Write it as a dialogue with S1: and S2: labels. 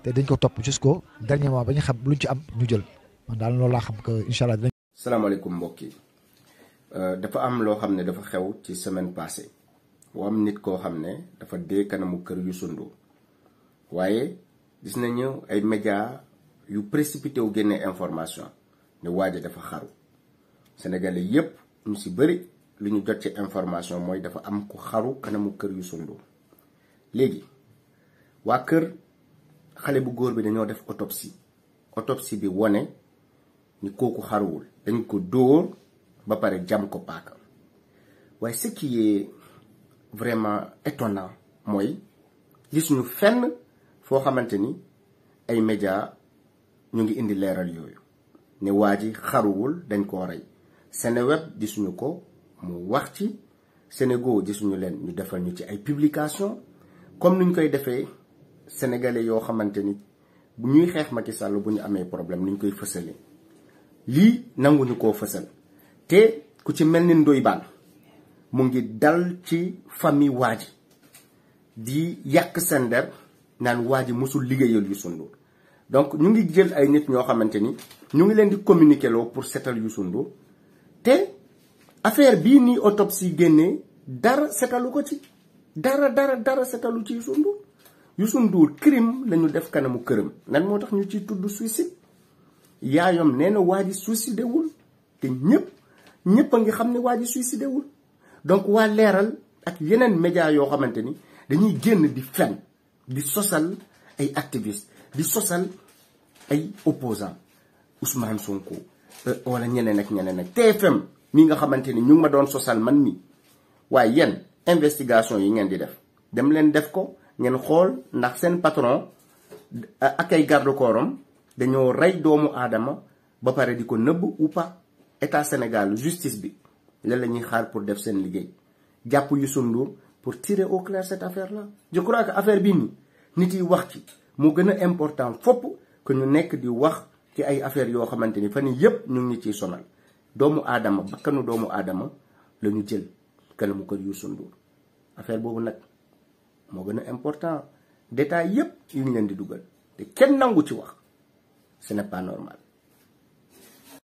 S1: te dañ ko top jusqu'o dernier moment ba ñu xam luñ ci am ñu jël man daal la xam que inshallah dañ salam
S2: alaykum mbokki euh dafa am lo xam dafa xew ci semaine passée wo am nit ko dafa dé kanamu kër yu sundu wayé gis nañu ay média yu précipité wu génné information ne waji dafa xaru sénégalais yépp ñu ci bëri luñu jot ci information moy dafa am ku xaru kanamu kër yu sundu légui wa kër xale bu góor bi dañoo def autopsie autopsie bi wone ni kooku xaruwul dañ ko dóor ba pare jam ko paaka waaye ce qui vraiment étonnant mooy gisuñu fenn foo xamante ni ay média ñu ngi indi leeral yooyu ne waa ji xaruwul dañ ko rey Seneweb gisuñu ko mu wax ci Senego gisuñu leen ñu defal ñu ci ay publication comme niñ koy defee sénégalais yoo xamante ni bu ñuy xeex ma Macky Sall bu ñu amee problème ni ñu koy fësalee lii nanguñu koo fësal te ku ci mel ni Ndoye Bane mu ngi dal ci famille waa ji di yàq seen der naan waa ji mosul liggéeyal Youssou Ndour donc ñu ngi jël ay nit ñoo xamante ni ñu ngi leen di communiquer loo pour setal yu Ndour te affaire bii nii autopsie génnee dara setalu ko ci dara dara dara setalu ci Youssou Youssou Ndour crime lañu def kanamu këram nan moo tax ñu ci tudd suicide yaayam nee na waa ji suicidé wul te ñëpp ñëpp a ngi xam ne waa ji suicidé wul donc waa leeral ak yeneen média yoo xamante ni dañuy génn di fen di sosal ay activiste di sosal ay opposant Ousmane Sonko euh, wala ñeneen ak ñeneen ak TFM mi nga xamante ni ñu ngi ma doon sosal man mi waaye yéen investigation yi ngeen di def dem leen def ko ñen xol ndax sen patron akay garde corps am ray doomu adama ba pare diko neub ou pas état Sénégal justice bi lan la xaar pour def sen liguey japp Youssou Ndour pour tirer au clair cette affaire là. je crois que affaire bi ni nit yi wax ci mo gëna important fop que ñu nek di wax ci ay affaire yo xamanteni fane fan ñu ngi ci sonal doomu adama bakkanu doomu adama lañu ñu jël kanamu ko Youssou Ndour affaire bobu nak moo gën a important détail yépp yi ñu leen di dugal te kenn nangu ci wax ce n'est pas normal